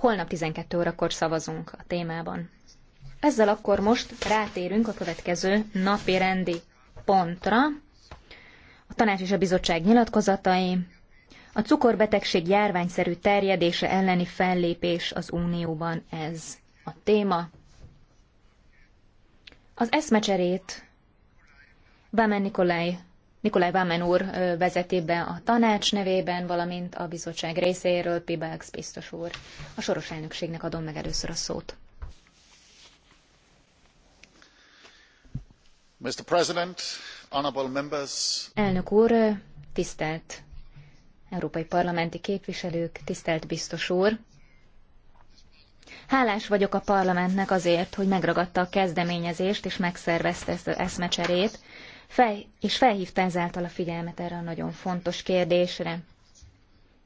Holnap 12 órakor szavazunk a témában. Ezzel akkor most rátérünk a következő napi rendi pontra. A tanács és a bizottság nyilatkozatai, a cukorbetegség járványszerű terjedése elleni fellépés az Unióban ez a téma. Az eszmecserét Bemen Nikolaj Nikolaj Bámen úr vezeti be a tanács nevében, valamint a bizottság részéről Pibax biztos úr. A soros elnökségnek adom meg először a szót. Mr. President, honorable members. Elnök úr, tisztelt európai parlamenti képviselők, tisztelt biztos úr! Hálás vagyok a parlamentnek azért, hogy megragadta a kezdeményezést és megszervezte ezt az eszmecserét, fel, és felhívta ezáltal a figyelmet erre a nagyon fontos kérdésre.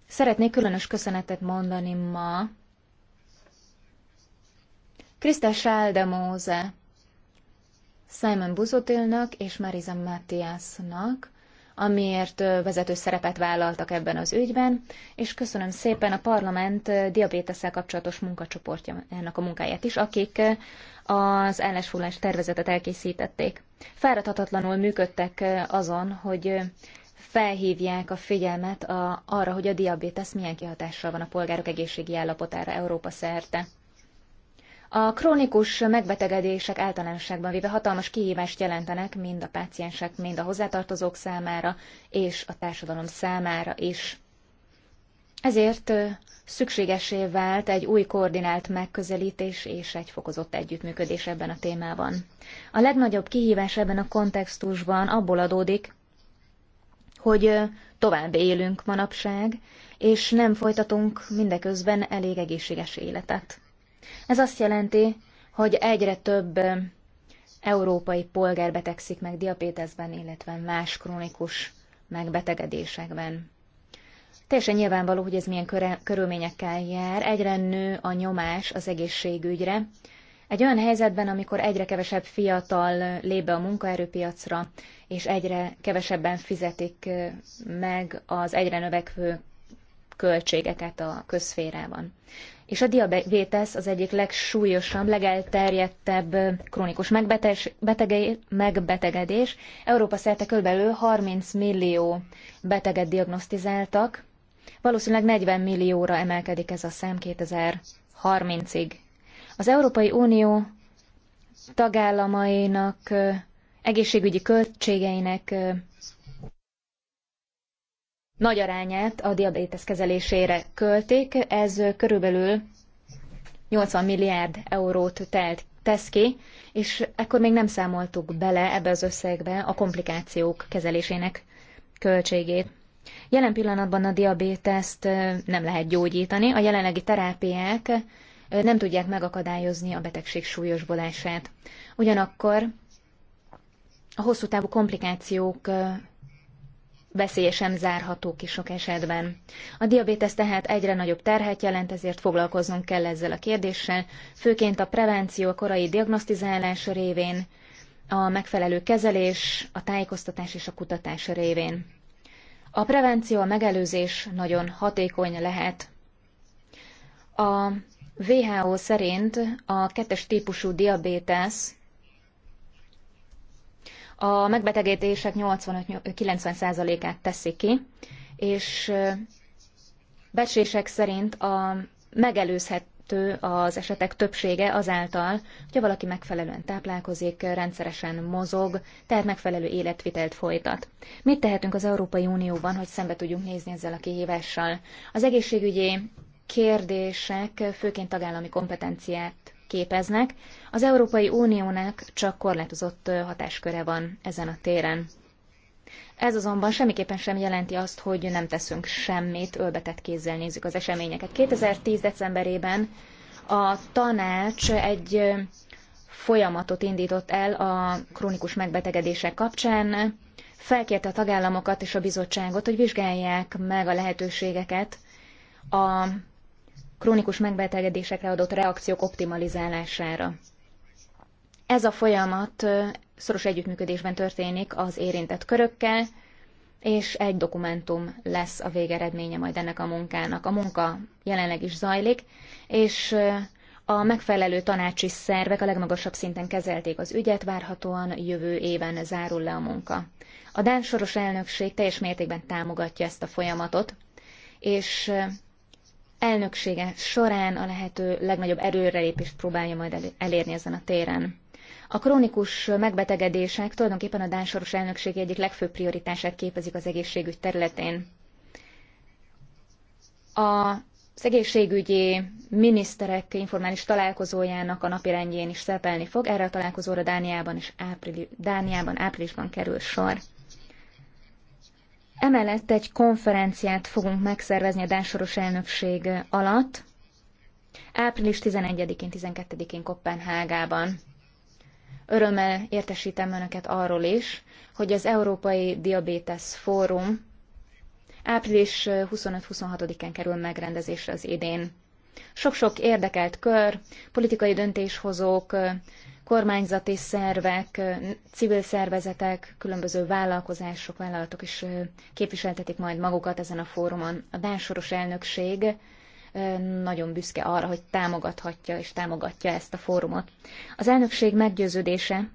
Szeretnék különös köszönetet mondani ma Krista Sáldemóze, Simon Buzotilnak és Marisa Matthiasnak, amiért vezető szerepet vállaltak ebben az ügyben, és köszönöm szépen a parlament diabéteszel kapcsolatos munkacsoportjának a munkáját is, akik az állásfoglalás tervezetet elkészítették. Fáradhatatlanul működtek azon, hogy felhívják a figyelmet a, arra, hogy a diabétesz milyen kihatással van a polgárok egészségi állapotára Európa szerte. A krónikus megbetegedések általánosságban véve hatalmas kihívást jelentenek mind a páciensek, mind a hozzátartozók számára és a társadalom számára is. Ezért szükségesé vált egy új koordinált megközelítés és egy fokozott együttműködés ebben a témában. A legnagyobb kihívás ebben a kontextusban abból adódik, hogy tovább élünk manapság, és nem folytatunk mindeközben elég egészséges életet. Ez azt jelenti, hogy egyre több európai polgár betegszik meg diabétesben illetve más krónikus megbetegedésekben. Teljesen nyilvánvaló, hogy ez milyen köre, körülményekkel jár. Egyre nő a nyomás az egészségügyre. Egy olyan helyzetben, amikor egyre kevesebb fiatal lép be a munkaerőpiacra, és egyre kevesebben fizetik meg az egyre növekvő költségeket a közférában. És a diabétesz az egyik legsúlyosabb, legelterjedtebb krónikus megbetegedés. Európa szerte kb. 30 millió beteget diagnosztizáltak, Valószínűleg 40 millióra emelkedik ez a szám 2030-ig. Az Európai Unió tagállamainak egészségügyi költségeinek nagy arányát a diabétesz kezelésére költik, ez körülbelül 80 milliárd eurót telt, tesz ki, és ekkor még nem számoltuk bele ebbe az összegbe a komplikációk kezelésének költségét. Jelen pillanatban a diabéteszt nem lehet gyógyítani, a jelenlegi terápiák nem tudják megakadályozni a betegség súlyosbodását. Ugyanakkor a hosszú távú komplikációk veszélyesen zárható ki sok esetben. A diabétesz tehát egyre nagyobb terhet jelent, ezért foglalkoznunk kell ezzel a kérdéssel, főként a prevenció, a korai diagnosztizálás révén, a megfelelő kezelés, a tájékoztatás és a kutatás révén. A prevenció, a megelőzés nagyon hatékony lehet. A WHO szerint a kettes típusú diabétesz a megbetegedések 85-90%-át teszi ki, és becslések szerint a megelőzhet, elérhető az esetek többsége azáltal, hogyha valaki megfelelően táplálkozik, rendszeresen mozog, tehát megfelelő életvitelt folytat. Mit tehetünk az Európai Unióban, hogy szembe tudjunk nézni ezzel a kihívással? Az egészségügyi kérdések főként tagállami kompetenciát képeznek, az Európai Uniónak csak korlátozott hatásköre van ezen a téren. Ez azonban semmiképpen sem jelenti azt, hogy nem teszünk semmit, ölbetett kézzel nézzük az eseményeket. 2010. decemberében a tanács egy folyamatot indított el a krónikus megbetegedések kapcsán, felkérte a tagállamokat és a bizottságot, hogy vizsgálják meg a lehetőségeket a krónikus megbetegedésekre adott reakciók optimalizálására. Ez a folyamat szoros együttműködésben történik az érintett körökkel, és egy dokumentum lesz a végeredménye majd ennek a munkának. A munka jelenleg is zajlik, és a megfelelő tanácsi szervek a legmagasabb szinten kezelték az ügyet, várhatóan jövő éven zárul le a munka. A Dán soros elnökség teljes mértékben támogatja ezt a folyamatot, és elnöksége során a lehető legnagyobb erőrelépést próbálja majd elérni ezen a téren. A krónikus megbetegedések tulajdonképpen a Dán soros elnökség egyik legfőbb prioritását képezik az egészségügy területén. A az egészségügyi miniszterek informális találkozójának a napirendjén is szerepelni fog. Erre a találkozóra Dániában, is áprili, Dániában áprilisban kerül sor. Emellett egy konferenciát fogunk megszervezni a Dásoros elnökség alatt, április 11-én, 12-én Kopenhágában. Örömmel értesítem Önöket arról is, hogy az Európai Diabetes Fórum április 25-26-án kerül megrendezésre az idén. Sok-sok érdekelt kör, politikai döntéshozók, kormányzati szervek, civil szervezetek, különböző vállalkozások, vállalatok is képviseltetik majd magukat ezen a fórumon. A dánsoros elnökség nagyon büszke arra, hogy támogathatja és támogatja ezt a fórumot. Az elnökség meggyőződése,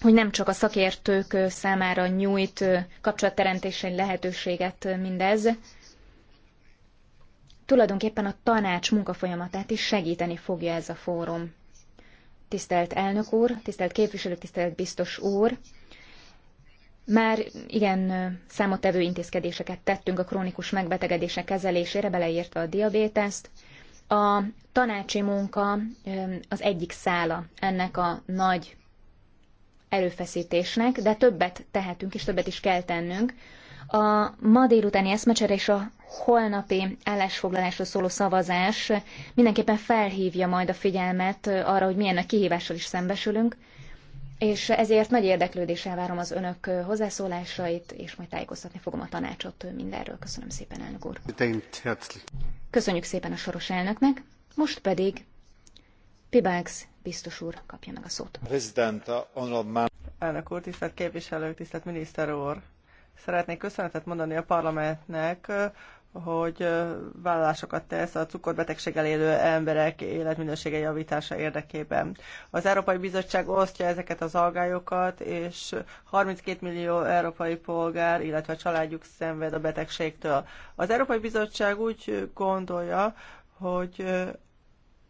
hogy nem csak a szakértők számára nyújt kapcsolatteremtésen lehetőséget mindez, tulajdonképpen a tanács munkafolyamatát is segíteni fogja ez a fórum. Tisztelt elnök úr, tisztelt képviselő, tisztelt biztos úr, már igen számottevő intézkedéseket tettünk a krónikus megbetegedések kezelésére, beleértve a diabéteszt. A tanácsi munka az egyik szála ennek a nagy erőfeszítésnek, de többet tehetünk és többet is kell tennünk. A ma délutáni eszmecsere és a holnapi állásfoglalásról szóló szavazás mindenképpen felhívja majd a figyelmet arra, hogy milyen a kihívással is szembesülünk, és ezért nagy érdeklődéssel várom az önök hozzászólásait, és majd tájékoztatni fogom a tanácsot mindenről. Köszönöm szépen, elnök úr. Köszönjük szépen a soros elnöknek, most pedig Pibax biztos úr kapja meg a szót. Elnök úr, tisztelt képviselők, tisztelt miniszter úr! Szeretnék köszönetet mondani a parlamentnek hogy vállalásokat tesz a cukorbetegséggel élő emberek életminősége javítása érdekében. Az Európai Bizottság osztja ezeket az algályokat, és 32 millió európai polgár, illetve családjuk szenved a betegségtől. Az Európai Bizottság úgy gondolja, hogy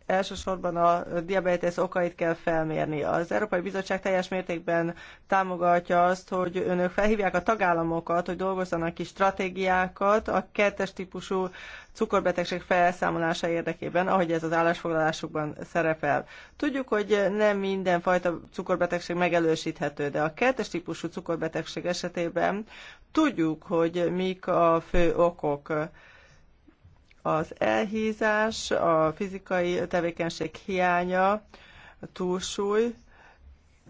elsősorban a diabetes okait kell felmérni. Az Európai Bizottság teljes mértékben támogatja azt, hogy önök felhívják a tagállamokat, hogy dolgozzanak ki stratégiákat a kettes típusú cukorbetegség felszámolása érdekében, ahogy ez az állásfoglalásukban szerepel. Tudjuk, hogy nem minden fajta cukorbetegség megelősíthető, de a kettes típusú cukorbetegség esetében tudjuk, hogy mik a fő okok az elhízás, a fizikai tevékenység hiánya, a túlsúly,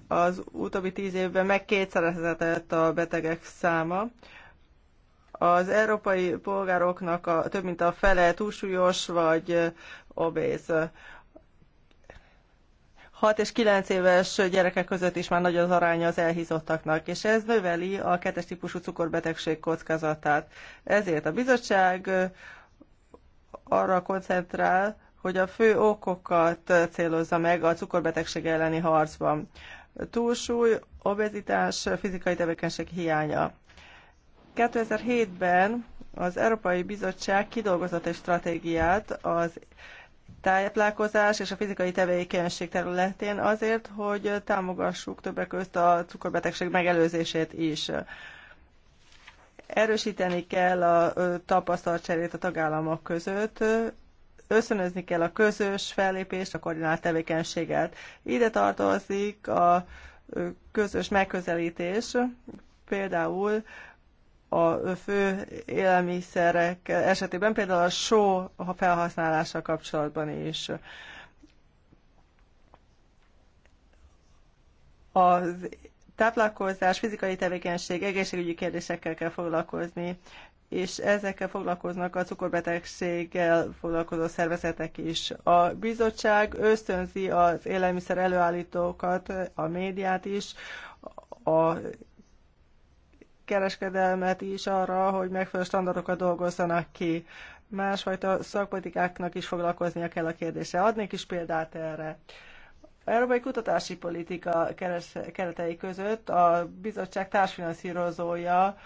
az utóbbi tíz évben meg kétszerezhetett a betegek száma. Az európai polgároknak a, több mint a fele túlsúlyos vagy obéz. 6 és 9 éves gyerekek között is már nagy az aránya az elhízottaknak, és ez növeli a kettes típusú cukorbetegség kockázatát. Ezért a bizottság arra koncentrál, hogy a fő okokat célozza meg a cukorbetegség elleni harcban. Túlsúly, obezitás, fizikai tevékenység hiánya. 2007-ben az Európai Bizottság kidolgozott egy stratégiát az táplálkozás és a fizikai tevékenység területén azért, hogy támogassuk többek között a cukorbetegség megelőzését is. Erősíteni kell a tapasztalatcserét a tagállamok között, összönözni kell a közös fellépést, a koordinált tevékenységet. Ide tartozik a közös megközelítés, például a fő élelmiszerek esetében, például a só felhasználása kapcsolatban is. Az táplálkozás, fizikai tevékenység, egészségügyi kérdésekkel kell foglalkozni, és ezekkel foglalkoznak a cukorbetegséggel foglalkozó szervezetek is. A bizottság ösztönzi az élelmiszer előállítókat, a médiát is, a kereskedelmet is arra, hogy megfelelő standardokat dolgozzanak ki. Másfajta szakpolitikáknak is foglalkoznia kell a kérdése. Adnék is példát erre. Uh, európai kutatási politika keres, keretei között a bizottság társfinanszírozója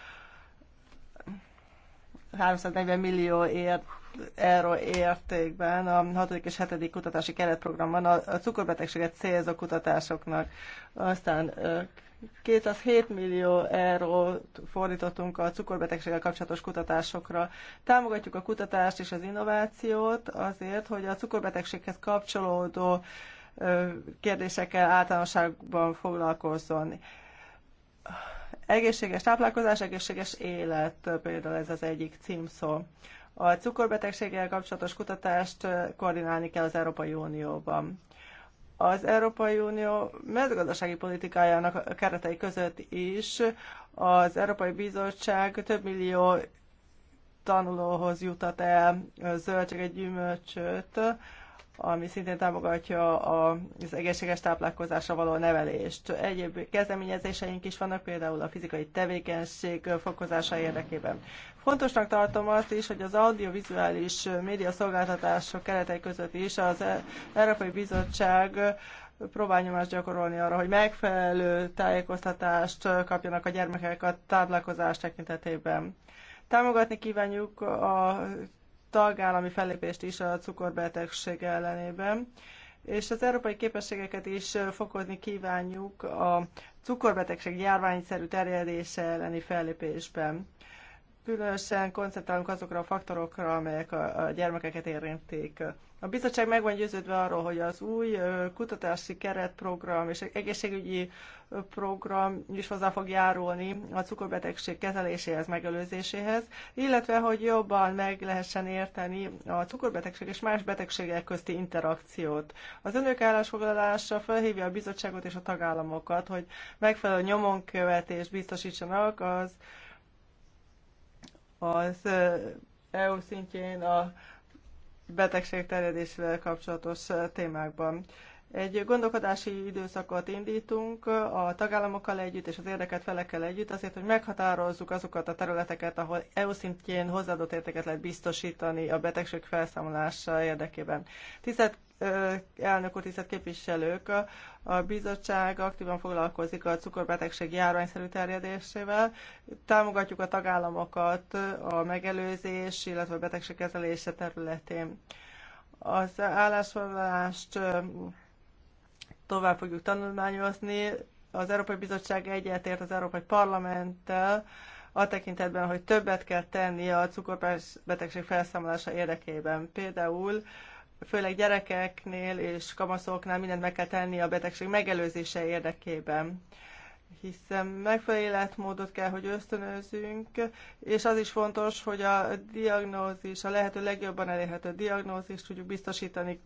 340 millió ért, euró értékben a 6. és 7. kutatási keretprogramban a, a cukorbetegséget célzó kutatásoknak. Aztán 207 millió eurót fordítottunk a cukorbetegséggel kapcsolatos kutatásokra. Támogatjuk a kutatást és az innovációt azért, hogy a cukorbetegséghez kapcsolódó kérdésekkel általánosságban foglalkozzon. Egészséges táplálkozás, egészséges élet, például ez az egyik címszó. A cukorbetegséggel kapcsolatos kutatást koordinálni kell az Európai Unióban. Az Európai Unió mezőgazdasági politikájának a keretei között is az Európai Bizottság több millió tanulóhoz jutat el zöldséget, gyümölcsöt, ami szintén támogatja az egészséges táplálkozásra való nevelést. Egyéb kezdeményezéseink is vannak, például a fizikai tevékenység fokozása érdekében. Fontosnak tartom azt is, hogy az audiovizuális média szolgáltatások keretei között is az Európai Bizottság próbál nyomást gyakorolni arra, hogy megfelelő tájékoztatást kapjanak a gyermekek a táplálkozás tekintetében. Támogatni kívánjuk a tagállami fellépést is a cukorbetegség ellenében és az európai képességeket is fokozni kívánjuk a cukorbetegség járványszerű terjedése elleni fellépésben. Különösen koncentrálunk azokra a faktorokra, amelyek a gyermekeket érintik. A bizottság meg van győződve arról, hogy az új kutatási keretprogram és egészségügyi program is hozzá fog járulni a cukorbetegség kezeléséhez, megelőzéséhez, illetve hogy jobban meg lehessen érteni a cukorbetegség és más betegségek közti interakciót. Az önök állásfoglalása felhívja a bizottságot és a tagállamokat, hogy megfelelő nyomonkövetést biztosítsanak az, az EU szintjén a betegség terjedésével kapcsolatos témákban. Egy gondolkodási időszakot indítunk a tagállamokkal együtt és az érdeket felekkel együtt azért, hogy meghatározzuk azokat a területeket, ahol EU szintjén hozzáadott értéket lehet biztosítani a betegség felszámolása érdekében. Tisztelt elnök úr, tisztelt képviselők! A bizottság aktívan foglalkozik a cukorbetegség járványszerű terjedésével. Támogatjuk a tagállamokat a megelőzés, illetve a betegség kezelése területén. Az állásfoglalást tovább fogjuk tanulmányozni. Az Európai Bizottság egyetért az Európai Parlamenttel, a tekintetben, hogy többet kell tenni a cukorbetegség felszámolása érdekében. Például főleg gyerekeknél és kamaszoknál mindent meg kell tenni a betegség megelőzése érdekében hiszen megfelelő életmódot kell, hogy ösztönözzünk, és az is fontos, hogy a diagnózis, a lehető legjobban elérhető diagnózist tudjuk biztosítani,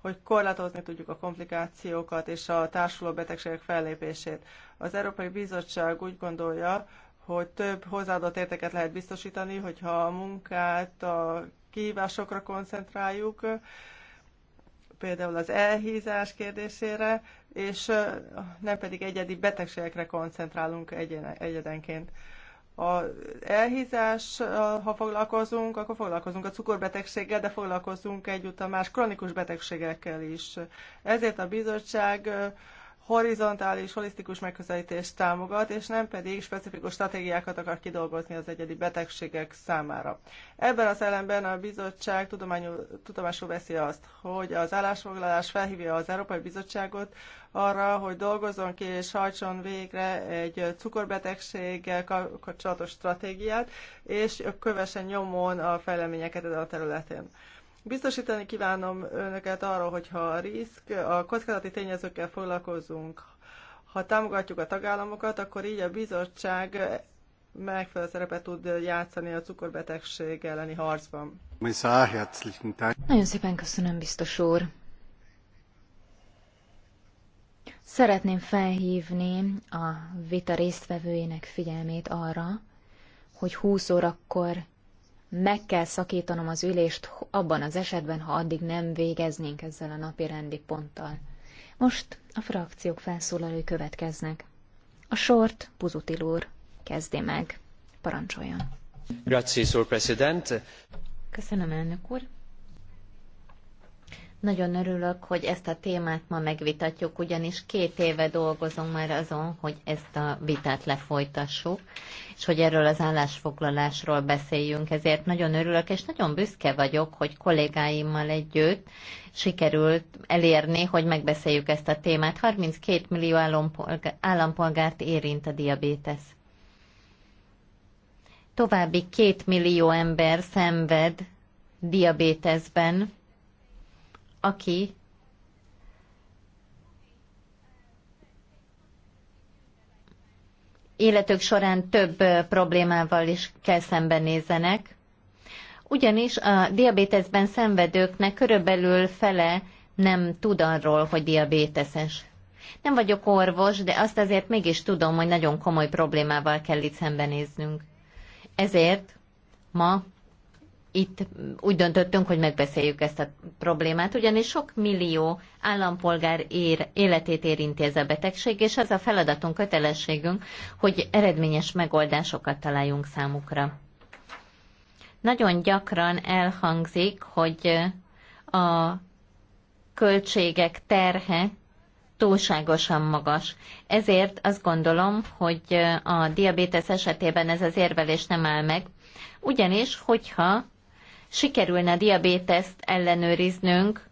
hogy korlátozni tudjuk a komplikációkat és a társuló betegségek fellépését. Az Európai Bizottság úgy gondolja, hogy több hozzáadott értéket lehet biztosítani, hogyha a munkát, a kihívásokra koncentráljuk, például az elhízás kérdésére, és nem pedig egyedi betegségekre koncentrálunk egyedenként. Az elhízás, ha foglalkozunk, akkor foglalkozunk a cukorbetegséggel, de foglalkozunk egyúttal más kronikus betegségekkel is. Ezért a bizottság horizontális, holisztikus megközelítést támogat, és nem pedig specifikus stratégiákat akar kidolgozni az egyedi betegségek számára. Ebben az ellenben a bizottság tudomásul veszi azt, hogy az állásfoglalás felhívja az Európai Bizottságot arra, hogy dolgozzon ki és hajtson végre egy cukorbetegséggel kapcsolatos stratégiát, és kövesse nyomon a fejleményeket ezen a területen. Biztosítani kívánom önöket arról, hogyha a risk, a kockázati tényezőkkel foglalkozunk, ha támogatjuk a tagállamokat, akkor így a bizottság megfelelő szerepet tud játszani a cukorbetegség elleni harcban. Nagyon szépen köszönöm, biztos úr. Szeretném felhívni a vita résztvevőjének figyelmét arra, hogy 20 órakor meg kell szakítanom az ülést abban az esetben, ha addig nem végeznénk ezzel a napi rendi ponttal. Most a frakciók felszólalói következnek. A sort Buzutil úr kezdi meg. Parancsoljon. Grazie, Sir President. Köszönöm, elnök úr. Nagyon örülök, hogy ezt a témát ma megvitatjuk, ugyanis két éve dolgozunk már azon, hogy ezt a vitát lefolytassuk, és hogy erről az állásfoglalásról beszéljünk. Ezért nagyon örülök, és nagyon büszke vagyok, hogy kollégáimmal együtt sikerült elérni, hogy megbeszéljük ezt a témát. 32 millió állampolgárt érint a diabétesz. További két millió ember szenved diabétesben aki életük során több problémával is kell szembenézenek, ugyanis a diabéteszben szenvedőknek körülbelül fele nem tud arról, hogy diabéteses. Nem vagyok orvos, de azt azért mégis tudom, hogy nagyon komoly problémával kell itt szembenéznünk. Ezért ma itt úgy döntöttünk, hogy megbeszéljük ezt a problémát, ugyanis sok millió állampolgár ér, életét érinti ez a betegség, és az a feladatunk, kötelességünk, hogy eredményes megoldásokat találjunk számukra. Nagyon gyakran elhangzik, hogy a költségek terhe túlságosan magas. Ezért azt gondolom, hogy a diabétesz esetében ez az érvelés nem áll meg, ugyanis, hogyha sikerülne diabéteszt ellenőriznünk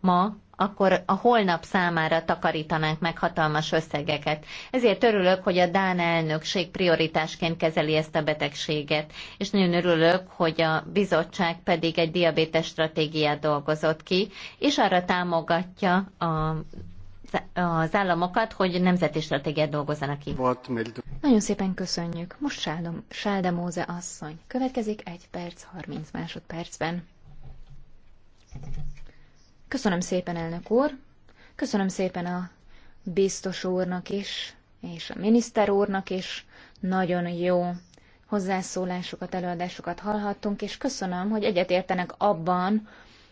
ma, akkor a holnap számára takarítanánk meg hatalmas összegeket. Ezért örülök, hogy a Dán elnökség prioritásként kezeli ezt a betegséget, és nagyon örülök, hogy a bizottság pedig egy diabétes stratégiát dolgozott ki, és arra támogatja a az államokat, hogy nemzeti stratégiát dolgozzanak ki. Nagyon szépen köszönjük. Most Sáldom, Sálda Móze asszony. Következik egy perc, 30 másodpercben. Köszönöm szépen, elnök úr. Köszönöm szépen a biztos úrnak is, és a miniszter úrnak is. Nagyon jó hozzászólásokat, előadásokat hallhattunk, és köszönöm, hogy egyetértenek abban,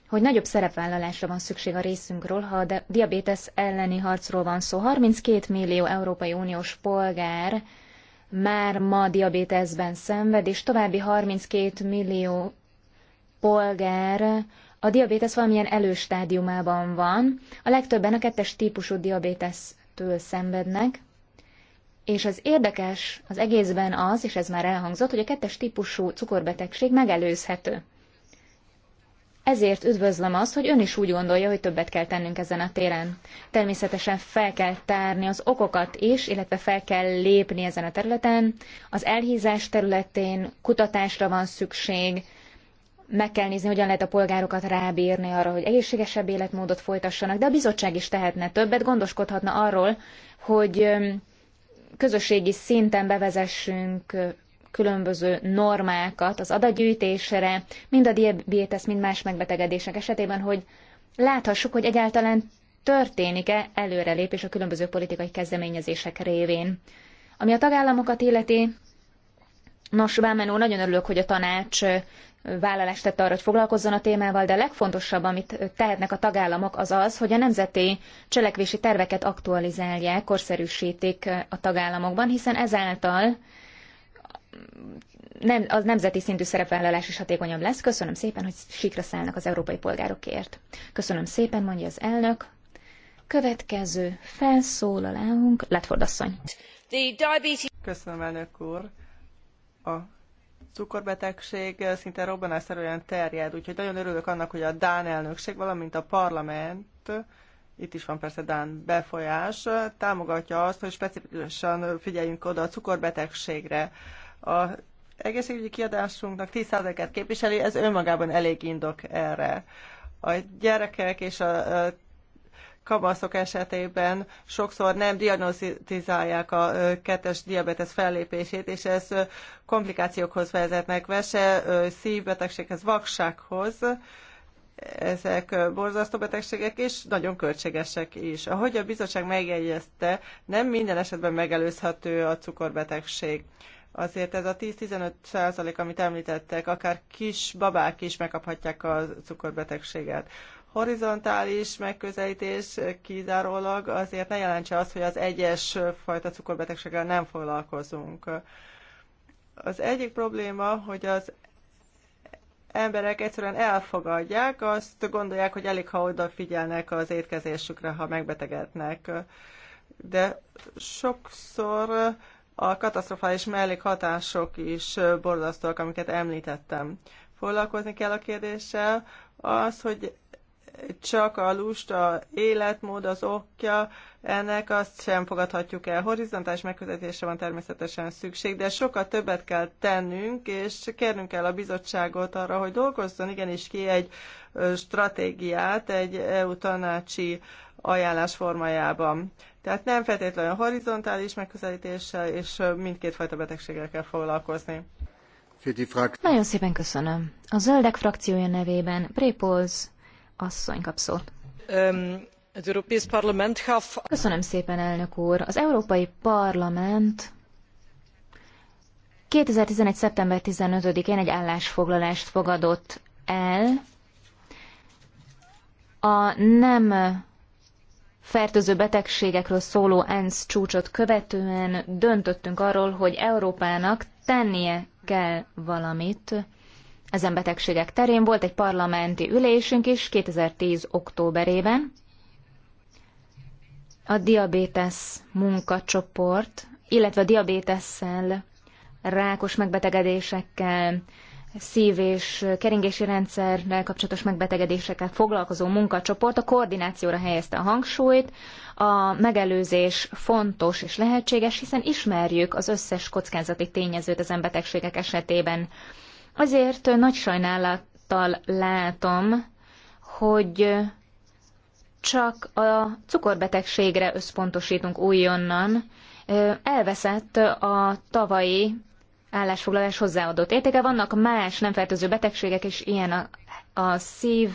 hogy nagyobb szerepvállalásra van szükség a részünkről, ha a diabétesz elleni harcról van szó. 32 millió Európai Uniós polgár már ma diabétesben szenved, és további 32 millió polgár a diabétesz valamilyen előstádiumában van. A legtöbben a kettes típusú diabétesztől szenvednek, és az érdekes az egészben az, és ez már elhangzott, hogy a kettes típusú cukorbetegség megelőzhető. Ezért üdvözlöm azt, hogy ön is úgy gondolja, hogy többet kell tennünk ezen a téren. Természetesen fel kell tárni az okokat is, illetve fel kell lépni ezen a területen. Az elhízás területén kutatásra van szükség, meg kell nézni, hogyan lehet a polgárokat rábírni arra, hogy egészségesebb életmódot folytassanak, de a bizottság is tehetne többet, gondoskodhatna arról, hogy közösségi szinten bevezessünk különböző normákat az adatgyűjtésre, mind a diabetes, mind más megbetegedések esetében, hogy láthassuk, hogy egyáltalán történik-e előrelépés a különböző politikai kezdeményezések révén. Ami a tagállamokat illeti, nos, Bámenó, nagyon örülök, hogy a tanács vállalást tette arra, hogy foglalkozzon a témával, de a legfontosabb, amit tehetnek a tagállamok, az az, hogy a nemzeti cselekvési terveket aktualizálják, korszerűsítik a tagállamokban, hiszen ezáltal nem, az nemzeti szintű szerepvállalás is hatékonyabb lesz. Köszönöm szépen, hogy sikra szállnak az európai polgárokért. Köszönöm szépen, mondja az elnök. Következő felszólalánk, Letford asszony. Köszönöm, elnök úr. A cukorbetegség szinte robbanásszerűen terjed, úgyhogy nagyon örülök annak, hogy a Dán elnökség, valamint a parlament itt is van persze Dán befolyás, támogatja azt, hogy specifikusan figyeljünk oda a cukorbetegségre. A egészségügyi kiadásunknak 10%-át képviseli, ez önmagában elég indok erre. A gyerekek és a, a kamaszok esetében sokszor nem diagnosztizálják a kettes diabetes fellépését, és ez komplikációkhoz vezetnek, vese, szívbetegséghez, vaksághoz. Ezek borzasztó betegségek, és nagyon költségesek is. Ahogy a bizottság megjegyezte, nem minden esetben megelőzhető a cukorbetegség. Azért ez a 10-15 százalék, amit említettek, akár kis babák is megkaphatják a cukorbetegséget. Horizontális megközelítés kizárólag azért ne jelentse azt, hogy az egyes fajta cukorbetegséggel nem foglalkozunk. Az egyik probléma, hogy az emberek egyszerűen elfogadják, azt gondolják, hogy elég, ha odafigyelnek az étkezésükre, ha megbetegednek. De sokszor a katasztrofális mellékhatások is borzasztóak, amiket említettem. Foglalkozni kell a kérdéssel, az, hogy csak a lusta életmód az okja, ennek azt sem fogadhatjuk el. Horizontális megközelítésre van természetesen szükség, de sokkal többet kell tennünk, és kérnünk kell a bizottságot arra, hogy dolgozzon igenis ki egy stratégiát egy EU tanácsi ajánlás formájában. Tehát nem feltétlenül horizontális megközelítéssel és mindkét fajta betegséggel kell foglalkozni. Nagyon szépen köszönöm. A Zöldek frakciója nevében Prépolz asszony kap szót. Ehm, köszönöm szépen, elnök úr. Az Európai Parlament 2011. szeptember 15-én egy állásfoglalást fogadott el a nem fertőző betegségekről szóló ENSZ csúcsot követően döntöttünk arról, hogy Európának tennie kell valamit ezen betegségek terén. Volt egy parlamenti ülésünk is 2010. októberében. A diabetes munkacsoport, illetve a diabétesszel, rákos megbetegedésekkel, szív- és keringési rendszerrel kapcsolatos megbetegedésekkel foglalkozó munkacsoport a koordinációra helyezte a hangsúlyt. A megelőzés fontos és lehetséges, hiszen ismerjük az összes kockázati tényezőt az embetegségek esetében. Azért nagy sajnálattal látom, hogy csak a cukorbetegségre összpontosítunk újonnan. Elveszett a tavalyi állásfoglalás hozzáadott értéke. Vannak más nem fertőző betegségek is, ilyen a, a szív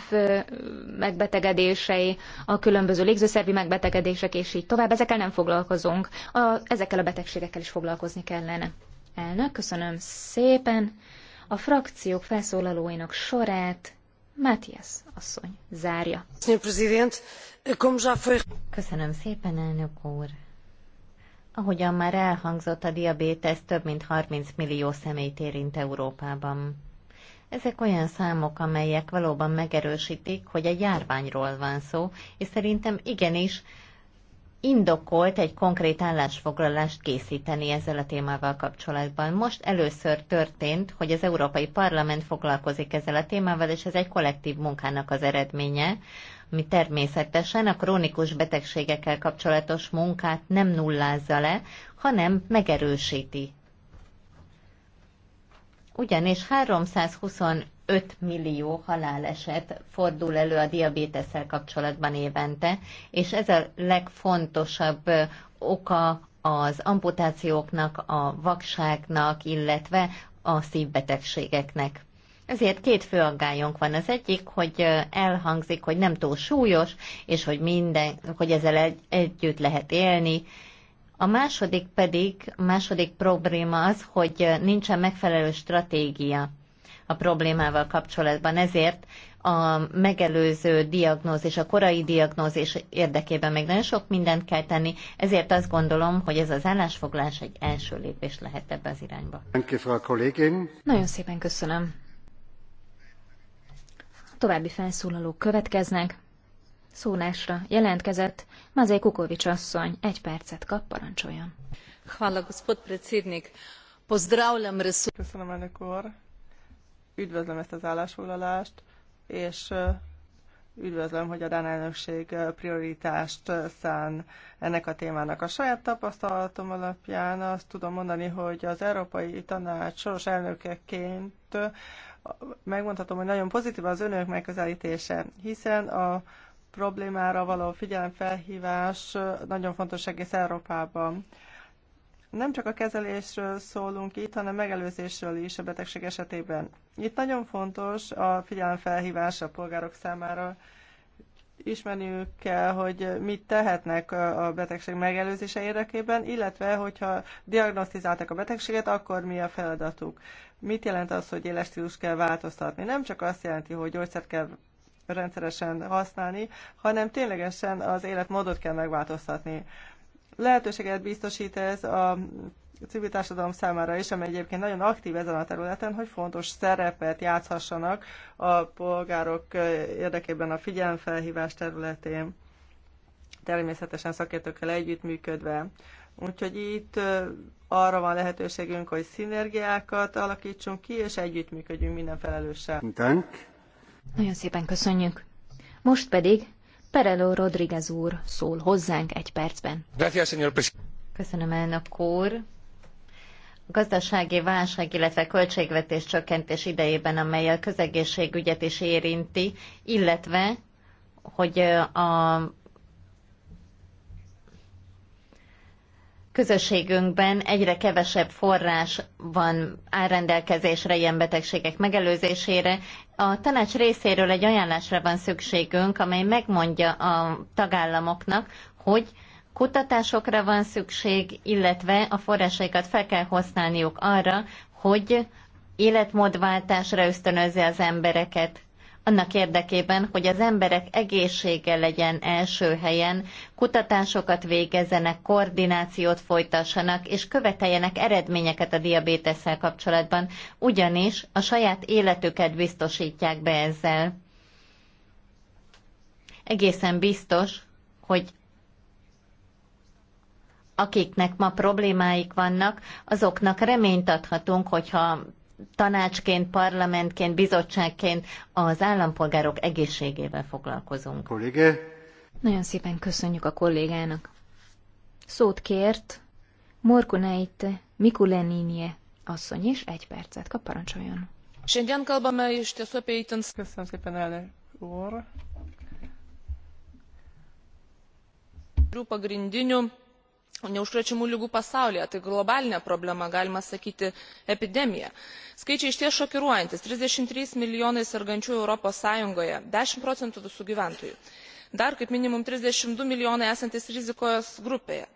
megbetegedései, a különböző légzőszervi megbetegedések, és így tovább. Ezekkel nem foglalkozunk. A, ezekkel a betegségekkel is foglalkozni kellene. Elnök, köszönöm szépen. A frakciók felszólalóinak sorát Matthias asszony zárja. Köszönöm szépen, elnök úr. Ahogyan már elhangzott, a diabétesz több mint 30 millió személyt érint Európában. Ezek olyan számok, amelyek valóban megerősítik, hogy egy járványról van szó, és szerintem igenis indokolt egy konkrét állásfoglalást készíteni ezzel a témával kapcsolatban. Most először történt, hogy az Európai Parlament foglalkozik ezzel a témával, és ez egy kollektív munkának az eredménye, ami természetesen a krónikus betegségekkel kapcsolatos munkát nem nullázza le, hanem megerősíti. Ugyanis 325 millió haláleset fordul elő a diabéteszel kapcsolatban évente, és ez a legfontosabb oka az amputációknak, a vakságnak, illetve a szívbetegségeknek. Ezért két fő aggályunk van. Az egyik, hogy elhangzik, hogy nem túl súlyos, és hogy, minden, hogy ezzel egy, együtt lehet élni. A második pedig, a második probléma az, hogy nincsen megfelelő stratégia a problémával kapcsolatban. Ezért a megelőző diagnózis, a korai diagnózis érdekében még nagyon sok mindent kell tenni, ezért azt gondolom, hogy ez az állásfoglás egy első lépés lehet ebbe az irányba. Nagyon szépen köszönöm. További felszólalók következnek. Szólásra jelentkezett Mazé Kukovics asszony. Egy percet kap, parancsoljon. Köszönöm, elnök úr. Üdvözlöm ezt az állásfoglalást, és üdvözlöm, hogy a Dán elnökség prioritást szán ennek a témának. A saját tapasztalatom alapján azt tudom mondani, hogy az Európai Tanács soros elnökeként megmondhatom, hogy nagyon pozitív az önök megközelítése, hiszen a problémára való figyelemfelhívás nagyon fontos egész Európában. Nem csak a kezelésről szólunk itt, hanem megelőzésről is a betegség esetében. Itt nagyon fontos a figyelemfelhívás a polgárok számára, ismerniük kell, hogy mit tehetnek a betegség megelőzése érdekében, illetve hogyha diagnosztizálták a betegséget, akkor mi a feladatuk. Mit jelent az, hogy életstílus kell változtatni? Nem csak azt jelenti, hogy gyógyszert kell rendszeresen használni, hanem ténylegesen az életmódot kell megváltoztatni. Lehetőséget biztosít ez a civil társadalom számára is, amely egyébként nagyon aktív ezen a területen, hogy fontos szerepet játszhassanak a polgárok érdekében a figyelemfelhívás területén, természetesen szakértőkkel együttműködve. Úgyhogy itt arra van lehetőségünk, hogy szinergiákat alakítsunk ki, és együttműködjünk minden felelőssel. Dank. Nagyon szépen köszönjük. Most pedig Perelo Rodriguez úr szól hozzánk egy percben. Gracias, señor Köszönöm, elnök úr gazdasági válság, illetve költségvetés csökkentés idejében, amely a közegészségügyet is érinti, illetve hogy a közösségünkben egyre kevesebb forrás van árrendelkezésre ilyen betegségek megelőzésére. A tanács részéről egy ajánlásra van szükségünk, amely megmondja a tagállamoknak, hogy kutatásokra van szükség, illetve a forrásaikat fel kell használniuk arra, hogy életmódváltásra ösztönözze az embereket, annak érdekében, hogy az emberek egészsége legyen első helyen, kutatásokat végezzenek, koordinációt folytassanak, és követeljenek eredményeket a diabétesszel kapcsolatban, ugyanis a saját életüket biztosítják be ezzel. Egészen biztos, hogy akiknek ma problémáik vannak, azoknak reményt adhatunk, hogyha tanácsként, parlamentként, bizottságként az állampolgárok egészségével foglalkozunk. Kollége. Nagyon szépen köszönjük a kollégának. Szót kért Morkunait Mikuleninie asszony is egy percet kap, parancsoljon. Šiandien kalbame iš tiesų apie itin... Köszönöm szépen, elnök úr. ...pagrindinių neužkrečiamų ligų pasaulyje tai globalinė problema galima sakyti epidemija. skaičiai išties šokiruojantys trisdešimt trys milijonai sergančiųjų europos sąjungoje dešimt procentų visų gyventojų dar kaip minimum trisdešimt du milijonai esantys rizikos grupėje.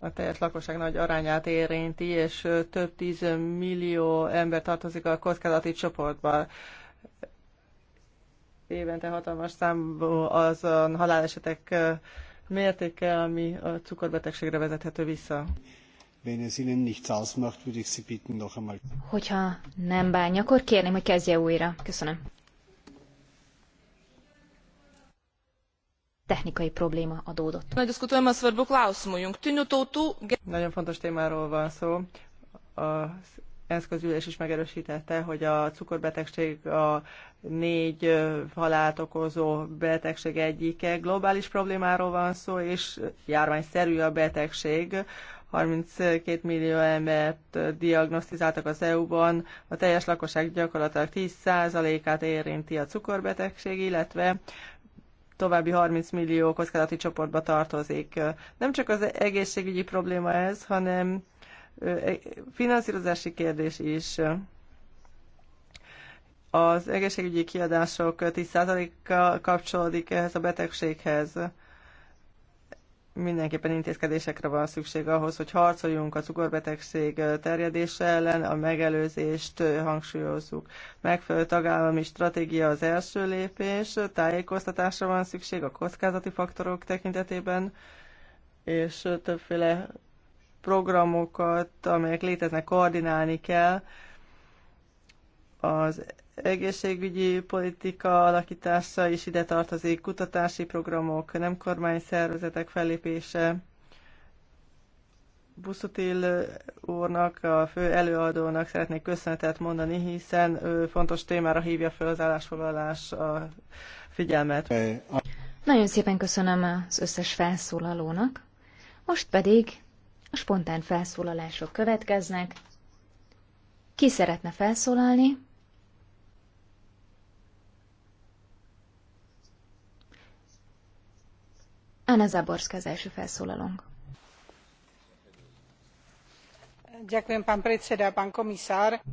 A teljes lakosság nagy arányát érinti, és több tízmillió ember tartozik a kockázati csoportba. Évente hatalmas számú halálesetek mértéke, ami a cukorbetegségre vezethető vissza. Hogyha nem bánja, akkor kérném, hogy kezdje újra. Köszönöm. technikai probléma adódott. Nagyon fontos témáról van szó. A ENSZ közülés is megerősítette, hogy a cukorbetegség a négy halált okozó betegség egyike. Globális problémáról van szó, és járványszerű a betegség. 32 millió embert diagnosztizáltak az EU-ban, a teljes lakosság gyakorlatilag 10%-át érinti a cukorbetegség, illetve további 30 millió kockázati csoportba tartozik. Nem csak az egészségügyi probléma ez, hanem finanszírozási kérdés is. Az egészségügyi kiadások 10%-a kapcsolódik ehhez a betegséghez. Mindenképpen intézkedésekre van szükség ahhoz, hogy harcoljunk a cukorbetegség terjedése ellen, a megelőzést hangsúlyozzuk. Megfelelő tagállami stratégia az első lépés, tájékoztatásra van szükség a kockázati faktorok tekintetében, és többféle programokat, amelyek léteznek, koordinálni kell. Az egészségügyi politika alakítása is ide tartozik, kutatási programok, nem szervezetek fellépése. Buszutil úrnak, a fő előadónak szeretnék köszönetet mondani, hiszen fontos témára hívja fel az állásfoglalás a figyelmet. Nagyon szépen köszönöm az összes felszólalónak. Most pedig a spontán felszólalások következnek. Ki szeretne felszólalni? Anna Zaborszka az első felszólalónk.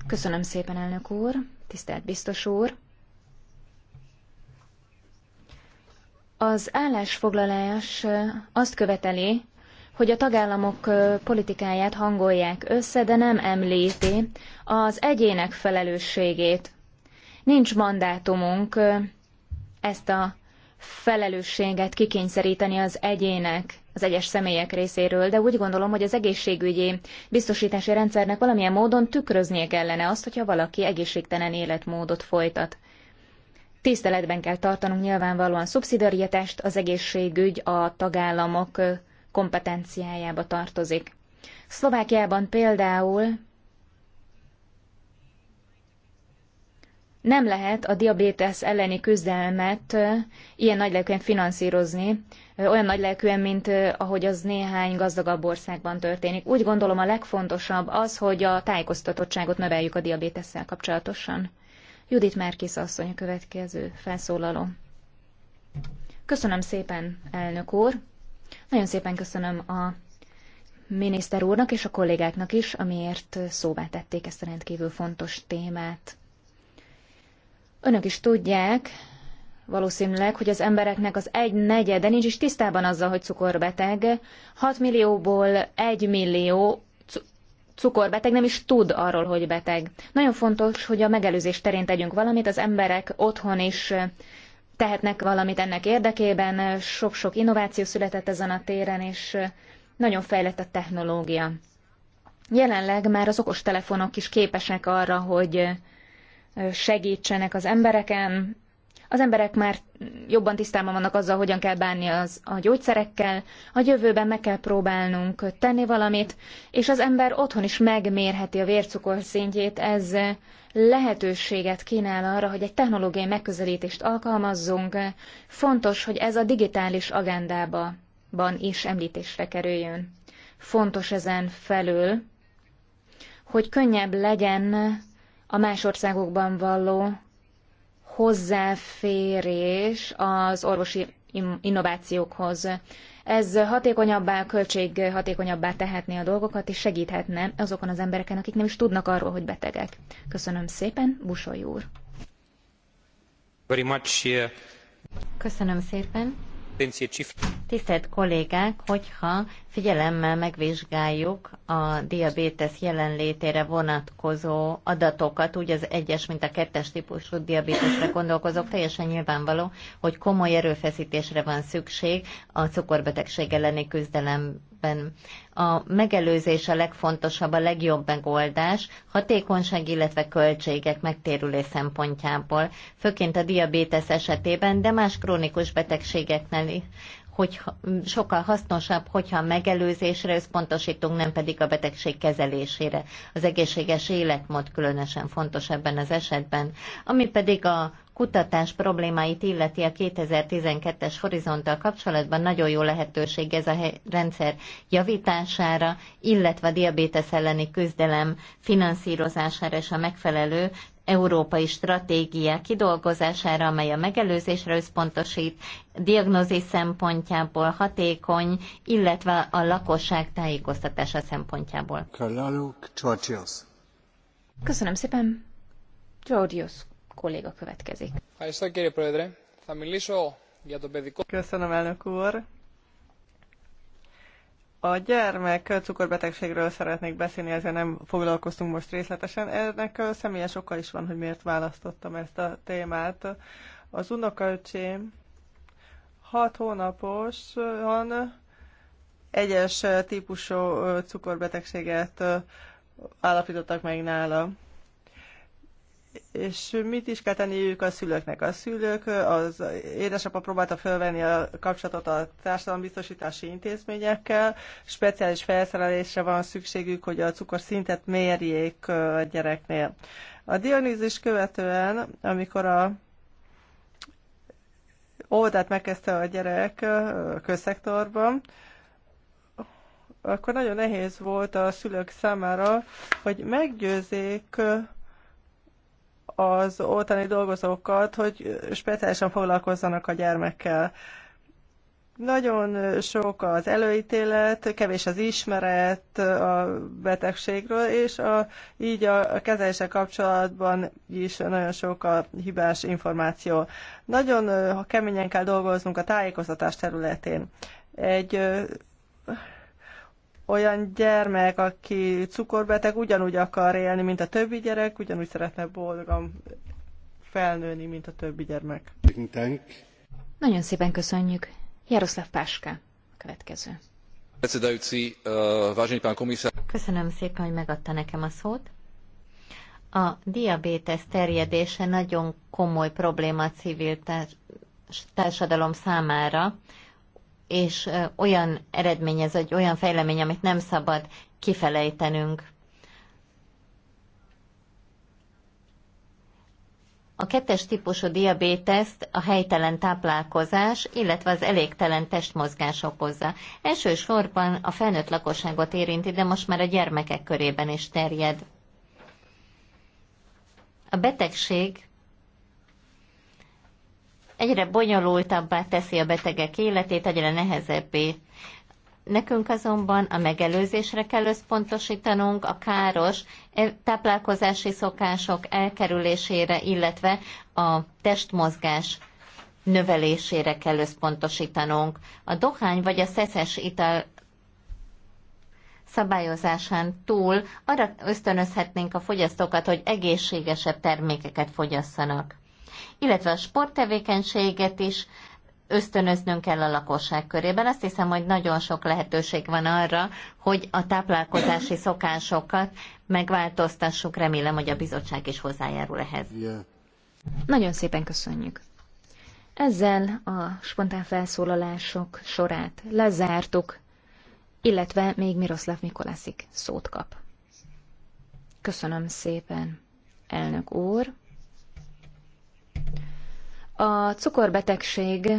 Köszönöm szépen, elnök úr, tisztelt biztos úr. Az állásfoglalás azt követeli, hogy a tagállamok politikáját hangolják össze, de nem említi az egyének felelősségét. Nincs mandátumunk ezt a felelősséget kikényszeríteni az egyének, az egyes személyek részéről, de úgy gondolom, hogy az egészségügyi biztosítási rendszernek valamilyen módon tükröznie kellene azt, hogyha valaki egészségtelen életmódot folytat. Tiszteletben kell tartanunk nyilvánvalóan szubszidiariatást, az egészségügy a tagállamok kompetenciájába tartozik. Szlovákiában például nem lehet a diabétesz elleni küzdelmet ilyen nagylelkűen finanszírozni, olyan nagylelkűen, mint ahogy az néhány gazdagabb országban történik. Úgy gondolom a legfontosabb az, hogy a tájékoztatottságot növeljük a diabétesszel kapcsolatosan. Judit Márkisz asszony a következő felszólaló. Köszönöm szépen, elnök úr! Nagyon szépen köszönöm a miniszter úrnak és a kollégáknak is, amiért szóvá tették ezt a rendkívül fontos témát. Önök is tudják, valószínűleg, hogy az embereknek az egy negyede nincs is tisztában azzal, hogy cukorbeteg. 6 millióból 1 millió cukorbeteg nem is tud arról, hogy beteg. Nagyon fontos, hogy a megelőzés terén tegyünk valamit, az emberek otthon is tehetnek valamit ennek érdekében. Sok-sok innováció született ezen a téren, és nagyon fejlett a technológia. Jelenleg már az okostelefonok is képesek arra, hogy segítsenek az embereken, az emberek már jobban tisztában vannak azzal, hogyan kell bánni az, a gyógyszerekkel, a jövőben meg kell próbálnunk tenni valamit, és az ember otthon is megmérheti a vércukor szintjét, ez lehetőséget kínál arra, hogy egy technológiai megközelítést alkalmazzunk. Fontos, hogy ez a digitális agendába ban is említésre kerüljön. Fontos ezen felül, hogy könnyebb legyen a más országokban való hozzáférés az orvosi innovációkhoz. Ez hatékonyabbá, hatékonyabbá tehetné a dolgokat, és segíthetne azokon az embereken, akik nem is tudnak arról, hogy betegek. Köszönöm szépen, Busoly úr. Very much, yeah. Uh, Köszönöm szépen. Tisztelt kollégák, hogyha figyelemmel megvizsgáljuk a diabétesz jelenlétére vonatkozó adatokat, úgy az egyes, mint a kettes típusú diabétesre gondolkozók, teljesen nyilvánvaló, hogy komoly erőfeszítésre van szükség a cukorbetegség elleni küzdelemben. A megelőzés a legfontosabb, a legjobb megoldás, hatékonyság, illetve költségek megtérülés szempontjából, főként a diabétesz esetében, de más krónikus betegségeknél hogy sokkal hasznosabb, hogyha megelőzésre összpontosítunk, nem pedig a betegség kezelésére. Az egészséges életmód különösen fontos ebben az esetben. Ami pedig a kutatás problémáit illeti a 2012-es horizonttal kapcsolatban nagyon jó lehetőség ez a rendszer javítására, illetve a diabétesz elleni küzdelem finanszírozására és a megfelelő európai stratégia kidolgozására, amely a megelőzésre összpontosít, diagnózis szempontjából hatékony, illetve a lakosság tájékoztatása szempontjából. Köszönöm szépen. Georgios kolléga következik. Köszönöm, elnök úr. A gyermek cukorbetegségről szeretnék beszélni, ezzel nem foglalkoztunk most részletesen. Ennek személyes oka is van, hogy miért választottam ezt a témát. Az unokaöcsém hat van, egyes típusú cukorbetegséget állapítottak meg nála. És mit is kell tenniük a szülőknek? A szülők, az édesapa próbálta felvenni a kapcsolatot a társadalombiztosítási intézményekkel, speciális felszerelésre van szükségük, hogy a cukorszintet mérjék a gyereknél. A dionízis követően, amikor a óvodát megkezdte a gyerek közszektorban, akkor nagyon nehéz volt a szülők számára, hogy meggyőzzék az ottani dolgozókat, hogy speciálisan foglalkozzanak a gyermekkel. Nagyon sok az előítélet, kevés az ismeret a betegségről, és a, így a kezelése kapcsolatban is nagyon sok a hibás információ. Nagyon ha keményen kell dolgoznunk a tájékoztatás területén. Egy olyan gyermek, aki cukorbeteg, ugyanúgy akar élni, mint a többi gyerek, ugyanúgy szeretne boldogan felnőni, mint a többi gyermek. Nagyon szépen köszönjük. Jaroszláv Páska, következő. Eh, Köszönöm szépen, hogy megadta nekem a szót. A diabétesz terjedése nagyon komoly probléma a civil társadalom számára és olyan eredmény ez, egy olyan fejlemény, amit nem szabad kifelejtenünk. A kettes típusú diabéteszt a helytelen táplálkozás, illetve az elégtelen testmozgás okozza. Elsősorban a felnőtt lakosságot érinti, de most már a gyermekek körében is terjed. A betegség egyre bonyolultabbá teszi a betegek életét, egyre nehezebbé. Nekünk azonban a megelőzésre kell összpontosítanunk, a káros eh, táplálkozási szokások elkerülésére, illetve a testmozgás növelésére kell összpontosítanunk. A dohány vagy a szeszes ital szabályozásán túl arra ösztönözhetnénk a fogyasztókat, hogy egészségesebb termékeket fogyasszanak illetve a sporttevékenységet is ösztönöznünk kell a lakosság körében. Azt hiszem, hogy nagyon sok lehetőség van arra, hogy a táplálkozási szokásokat megváltoztassuk. Remélem, hogy a bizottság is hozzájárul ehhez. Yeah. Nagyon szépen köszönjük. Ezzel a spontán felszólalások sorát lezártuk, illetve még Miroslav Mikolászik szót kap. Köszönöm szépen, elnök úr. A cukorbetegség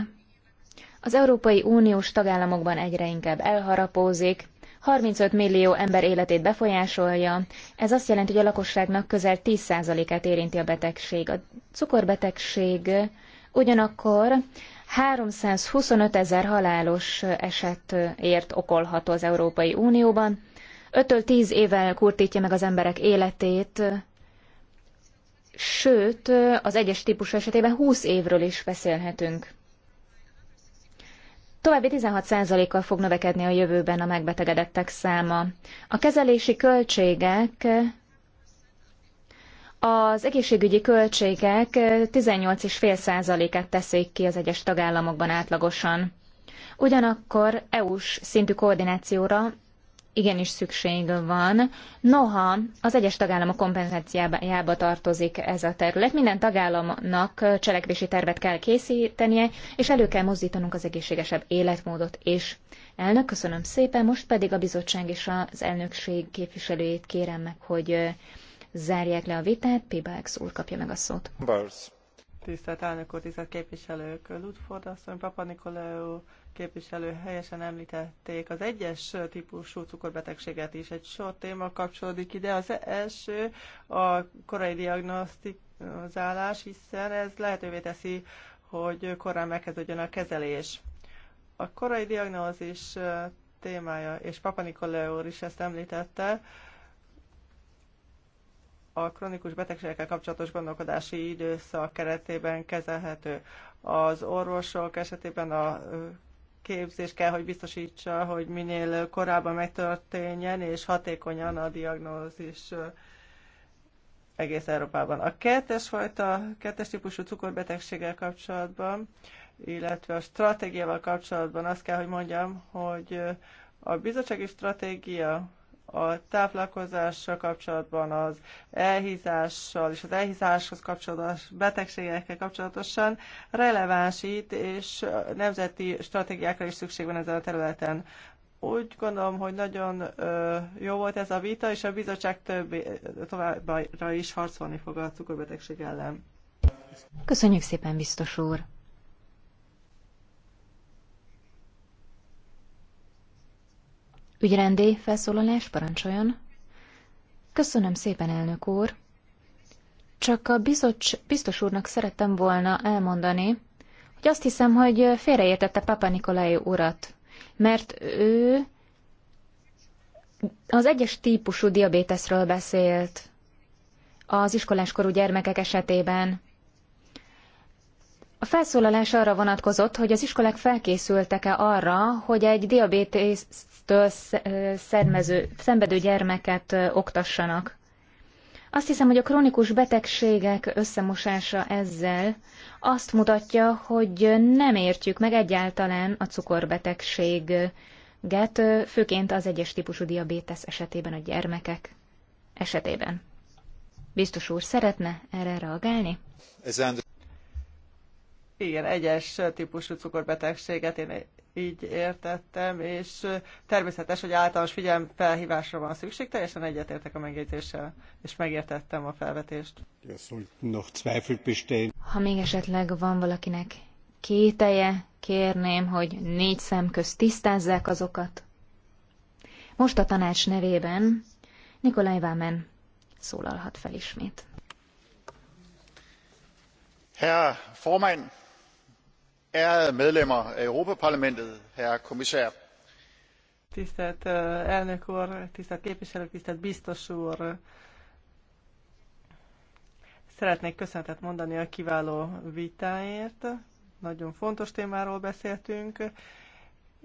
az Európai Uniós tagállamokban egyre inkább elharapózik, 35 millió ember életét befolyásolja, ez azt jelenti, hogy a lakosságnak közel 10%-át érinti a betegség. A cukorbetegség ugyanakkor 325 ezer halálos esetért okolható az Európai Unióban, 5-10 évvel kurtítja meg az emberek életét, sőt az egyes típus esetében 20 évről is beszélhetünk. További 16%-kal fog növekedni a jövőben a megbetegedettek száma. A kezelési költségek az egészségügyi költségek 18,5%-át teszik ki az egyes tagállamokban átlagosan. Ugyanakkor EU-s szintű koordinációra igenis szükség van. Noha az egyes tagállamok kompenzáciájába tartozik ez a terület. Minden tagállamnak cselekvési tervet kell készítenie, és elő kell mozdítanunk az egészségesebb életmódot is. Elnök, köszönöm szépen, most pedig a bizottság és az elnökség képviselőjét kérem meg, hogy zárják le a vitát. Pibax úr kapja meg a szót. Bars. Tisztelt elnök úr, tisztelt képviselők! Ludford asszony, Papa Nikolaou képviselő helyesen említették az egyes típusú cukorbetegséget is. Egy sor téma kapcsolódik ide. Az első a korai diagnosztizálás, hiszen ez lehetővé teszi, hogy korán megkezdődjön a kezelés. A korai diagnózis témája, és Papa Nikolaou is ezt említette, a kronikus betegségekkel kapcsolatos gondolkodási időszak keretében kezelhető. Az orvosok esetében a képzés kell, hogy biztosítsa, hogy minél korábban megtörténjen, és hatékonyan a diagnózis egész Európában. A kettes fajta, kettes típusú cukorbetegséggel kapcsolatban, illetve a stratégiával kapcsolatban azt kell, hogy mondjam, hogy a bizottsági stratégia a táplálkozással kapcsolatban, az elhízással és az elhízáshoz kapcsolatos betegségekkel kapcsolatosan releváns itt, és nemzeti stratégiákra is szükség van ezen a területen. Úgy gondolom, hogy nagyon ö, jó volt ez a vita, és a bizottság többi, továbbra is harcolni fog a cukorbetegség ellen. Köszönjük szépen, biztos úr! Ügyrendé felszólalás, parancsoljon. Köszönöm szépen, elnök úr. Csak a bizocs, biztos úrnak szerettem volna elmondani, hogy azt hiszem, hogy félreértette Papa Nikolai urat, mert ő az egyes típusú diabétesről beszélt az iskoláskorú gyermekek esetében. A felszólalás arra vonatkozott, hogy az iskolák felkészültek-e arra, hogy egy diabétésztől szedmező, szenvedő gyermeket oktassanak. Azt hiszem, hogy a krónikus betegségek összemosása ezzel azt mutatja, hogy nem értjük meg egyáltalán a cukorbetegséget, főként az egyes típusú diabétesz esetében a gyermekek esetében. Biztos úr szeretne erre reagálni? igen, egyes típusú cukorbetegséget én így értettem, és természetes, hogy általános figyelem felhívásra van szükség, teljesen egyetértek a megjegyzéssel, és megértettem a felvetést. Ha még esetleg van valakinek kételje, kérném, hogy négy szem közt tisztázzák azokat. Most a tanács nevében Nikolaj Vámen szólalhat fel ismét. Herr Formann, ærede medlemmer af Europaparlamentet, herre kommissær tisztelt elnök úr tisztelt képviselő, tisztelt biztos úr szeretnék köszönetet mondani a kiváló vitáért nagyon fontos témáról beszéltünk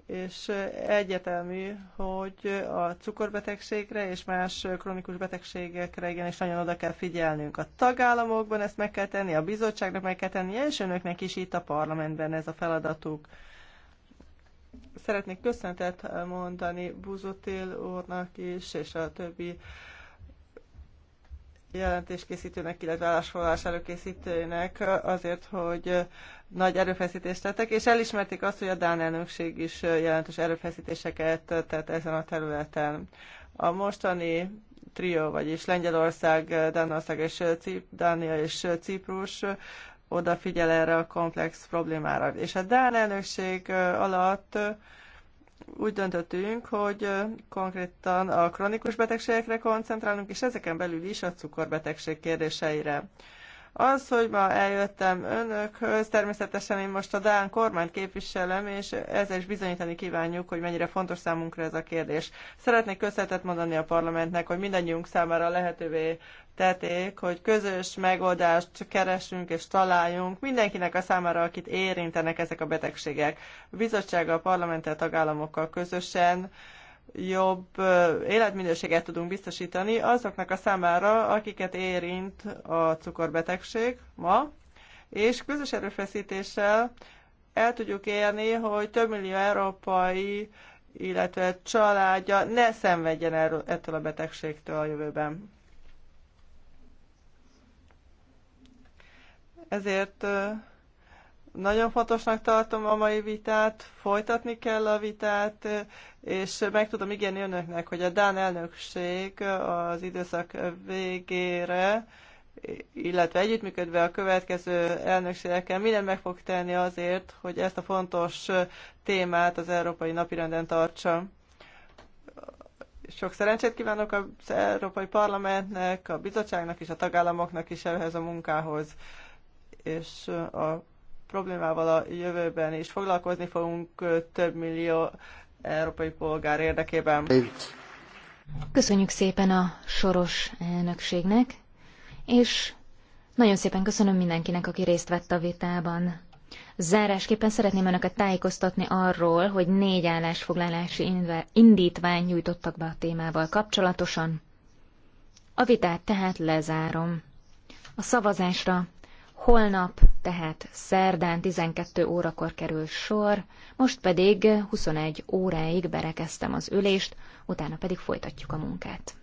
és egyetelmű, hogy a cukorbetegségre és más kronikus betegségekre igenis nagyon oda kell figyelnünk. A tagállamokban ezt meg kell tenni, a bizottságnak meg kell tenni, és önöknek is itt a parlamentben ez a feladatuk. Szeretnék köszöntet mondani Buzotél úrnak is, és a többi jelentéskészítőnek, illetve állásfoglalás előkészítőnek azért, hogy nagy erőfeszítést tettek, és elismerték azt, hogy a Dán elnökség is jelentős erőfeszítéseket tett ezen a területen. A mostani trió, vagyis Lengyelország, Dánország és Cip, Dánia és Ciprus odafigyel erre a komplex problémára. És a Dán elnökség alatt úgy döntöttünk, hogy konkrétan a kronikus betegségekre koncentrálunk, és ezeken belül is a cukorbetegség kérdéseire. Az, hogy ma eljöttem önökhöz, természetesen én most a Dán kormányt képviselem, és ezzel is bizonyítani kívánjuk, hogy mennyire fontos számunkra ez a kérdés. Szeretnék köszönetet mondani a parlamentnek, hogy mindannyiunk számára lehetővé tették, hogy közös megoldást keresünk és találjunk mindenkinek a számára, akit érintenek ezek a betegségek. A bizottsága a parlamentet tagállamokkal közösen jobb életminőséget tudunk biztosítani azoknak a számára, akiket érint a cukorbetegség ma, és közös erőfeszítéssel el tudjuk érni, hogy több millió európai, illetve családja ne szenvedjen erről, ettől a betegségtől a jövőben. Ezért nagyon fontosnak tartom a mai vitát, folytatni kell a vitát, és meg tudom ígérni önöknek, hogy a Dán elnökség az időszak végére, illetve együttműködve a következő elnökségekkel minden meg fog tenni azért, hogy ezt a fontos témát az európai napirenden tartsa sok szerencsét kívánok az Európai Parlamentnek, a bizottságnak és a tagállamoknak is ehhez a munkához, és a problémával a jövőben is foglalkozni fogunk több millió európai polgár érdekében. Köszönjük szépen a soros elnökségnek, és nagyon szépen köszönöm mindenkinek, aki részt vett a vitában. Zárásképpen szeretném Önöket tájékoztatni arról, hogy négy állásfoglalási indítvány nyújtottak be a témával kapcsolatosan. A vitát tehát lezárom. A szavazásra holnap tehát szerdán 12 órakor kerül sor, most pedig 21 óráig berekeztem az ülést, utána pedig folytatjuk a munkát.